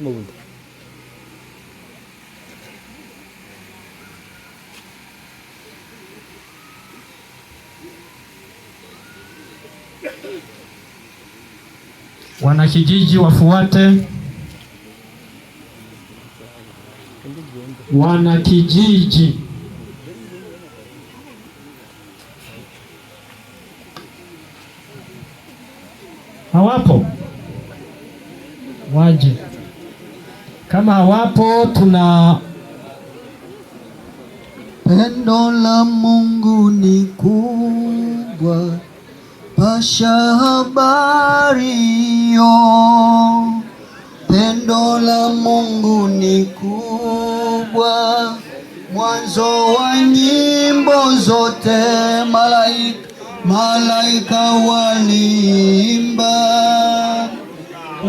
wana Wanakijiji wafuate, wanakijiji hawapo. kama hawapo, tuna pendo la Mungu ni kubwa, pasha habari yo. Pendo la Mungu ni kubwa, mwanzo wa nyimbo zote malaika, malaika waliimba,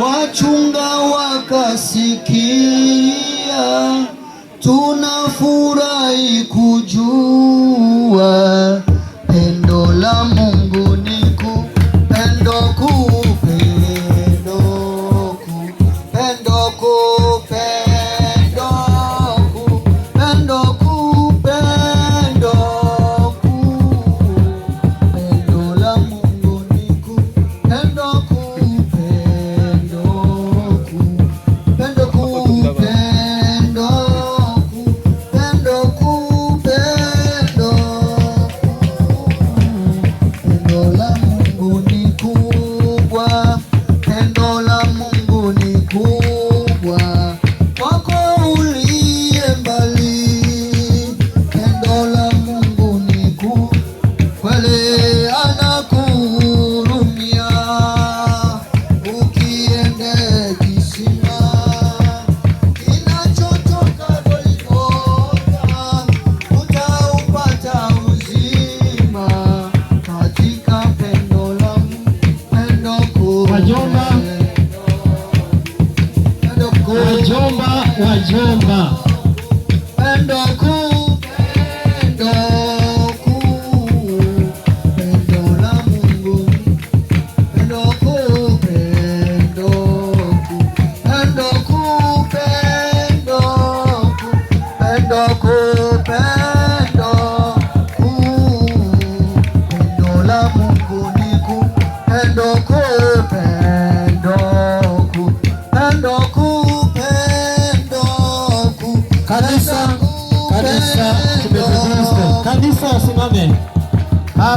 wachunga wakasiki kulia, tunafurahi kujua pendo la Mungu ni kuu, pendo kuu, pendo kuu, pendo kuu pale anakuhurumia, ukiende kisima utaupata uzima katika pendo wajomba, wajomba, pendo kuu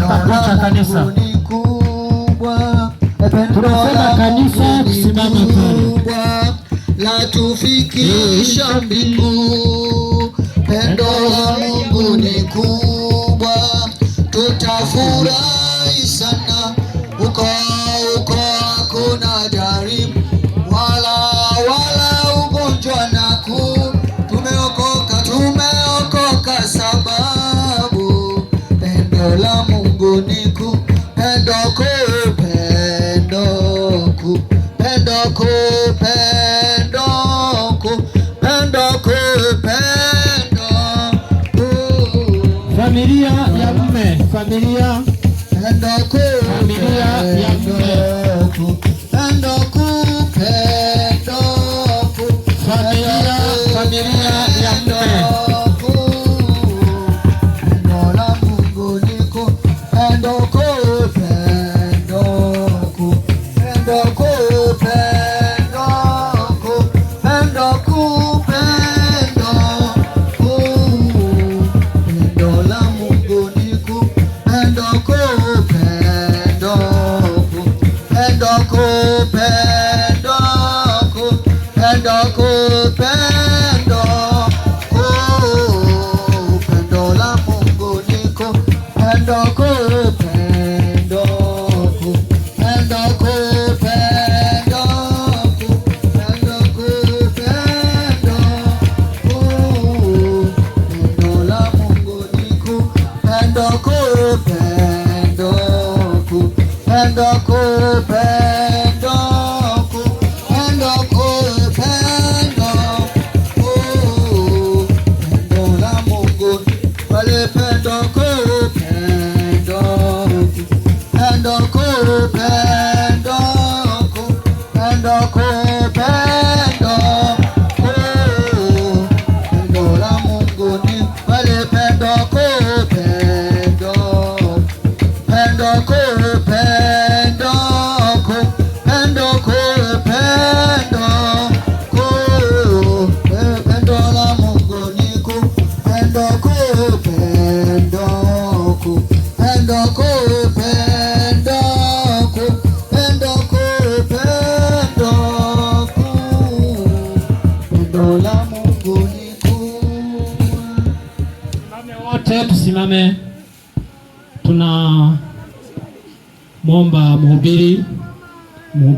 katika kanisa. Tunasema kanisa kusimama pale, la tufikisha mbingu, pendo la Mungu ni kubwa, tutafurahi sana ukoo familia ya mme, familia ya mme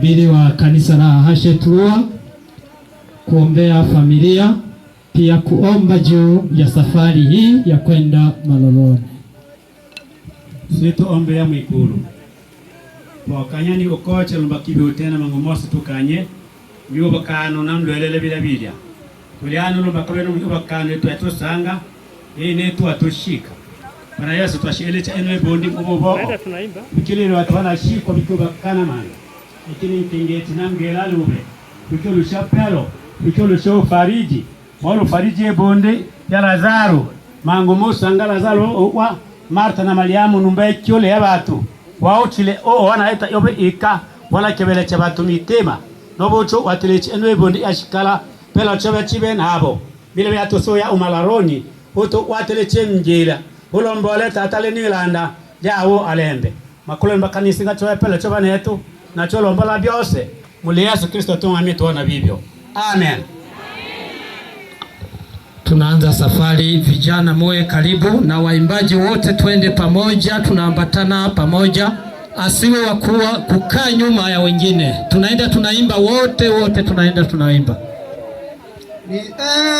mhubiri wa kanisa la Hacheth kuombea familia, pia kuomba juu ya safari hii ya kwenda Maloloni. situombea mwikulu bokanya ni ukoochelomba kibiutena mangumosi tukanye biubakano na ndwelele bila bilya tulianulomba kabeno ubakano etwatusanga ine twatushika Bwana Yesu twashielecha eno ebondi mubobo bikilile watu wanashikwa bikiubakana mana ikini ntingetinamgela lube kucho lusha pelo kucho lusha ufariji mwalu ufariji ebonde ya Lazaro mangu musanga Lazaro wa Marta na Mariamu numba ekyole y'abantu waochile o eta yobe ika wala kebele cha batu mitema nobocho watileche enwe bonde ya shikala pela chobe chibe na habo bile byatoso ya umalaroni oto wateleche mjela ulombole tatale nilanda jawo alembe makulemba kanisi ngachoya pelo choba netu natyolombola byose muli Yesu Kristo tu tuona vivyo. Amen. Tunaanza safari, vijana muwe karibu na waimbaji wote, twende pamoja, tunaambatana pamoja, asiwe wakuwa kukaa nyuma ya wengine. Tunaenda tunaimba wote wote, tunaenda tunaimba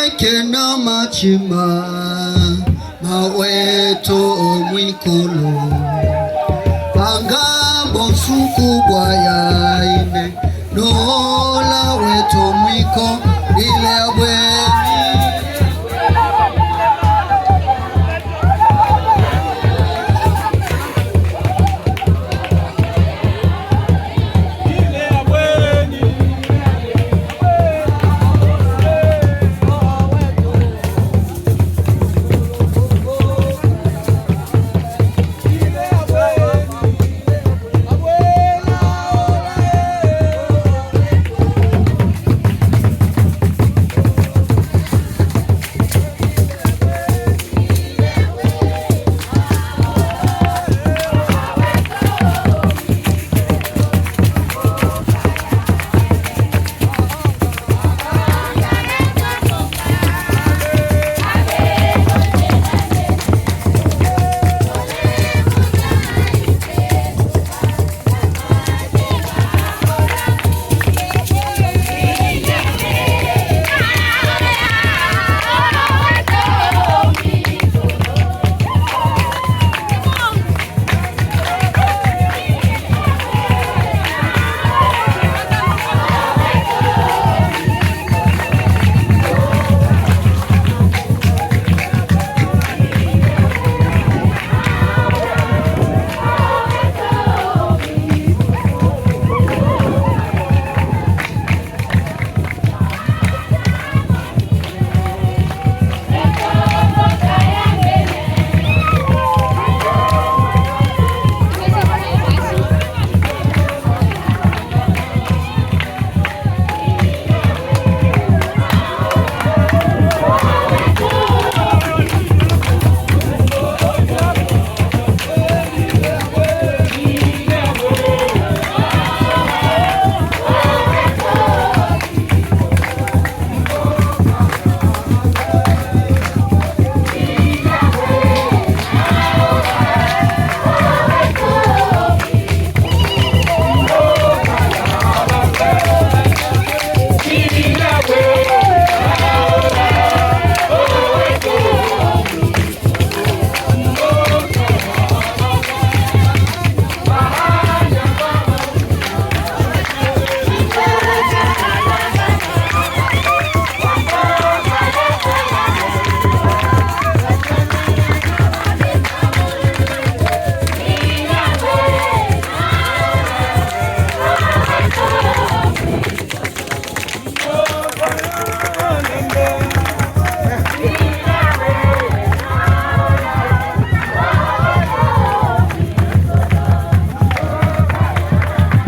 eke na machima maweto mwikolo Anga nafsi kubwa ya ine nola wetu mwiko ile bwe